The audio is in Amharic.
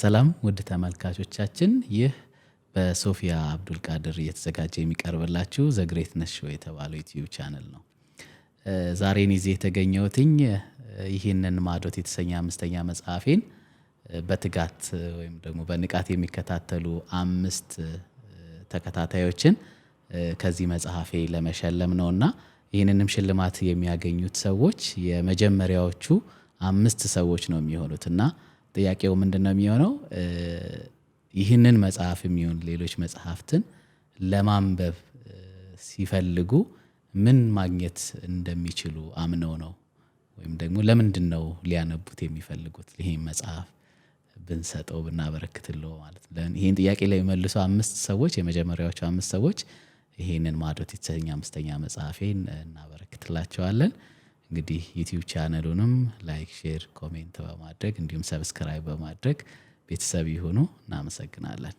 ሰላም ውድ ተመልካቾቻችን፣ ይህ በሶፊያ አብዱል ቃድር እየተዘጋጀ የሚቀርብላችሁ ዘግሬት ነሽ የተባለው ዩትዩብ ቻነል ነው። ዛሬን ይዜ የተገኘውትኝ ይህንን ማዶት የተሰኘ አምስተኛ መጽሐፌን በትጋት ወይም ደግሞ በንቃት የሚከታተሉ አምስት ተከታታዮችን ከዚህ መጽሐፌ ለመሸለም ነው እና ይህንንም ሽልማት የሚያገኙት ሰዎች የመጀመሪያዎቹ አምስት ሰዎች ነው የሚሆኑት እና ጥያቄው ምንድን ነው የሚሆነው? ይህንን መጽሐፍ የሚሆን ሌሎች መጽሐፍትን ለማንበብ ሲፈልጉ ምን ማግኘት እንደሚችሉ አምነው ነው ወይም ደግሞ ለምንድን ነው ሊያነቡት የሚፈልጉት ይህን መጽሐፍ ብንሰጠው ብናበረክትለው ማለት ነው። ይህን ጥያቄ ላይ መልሶ አምስት ሰዎች የመጀመሪያዎቹ አምስት ሰዎች ይህንን ማዕዶት የተሰኘ አምስተኛ መጽሐፌን እናበረክትላቸዋለን። እንግዲህ ዩቲዩብ ቻነሉንም ላይክ፣ ሼር፣ ኮሜንት በማድረግ እንዲሁም ሰብስክራይብ በማድረግ ቤተሰብ ይሁኑ። እናመሰግናለን።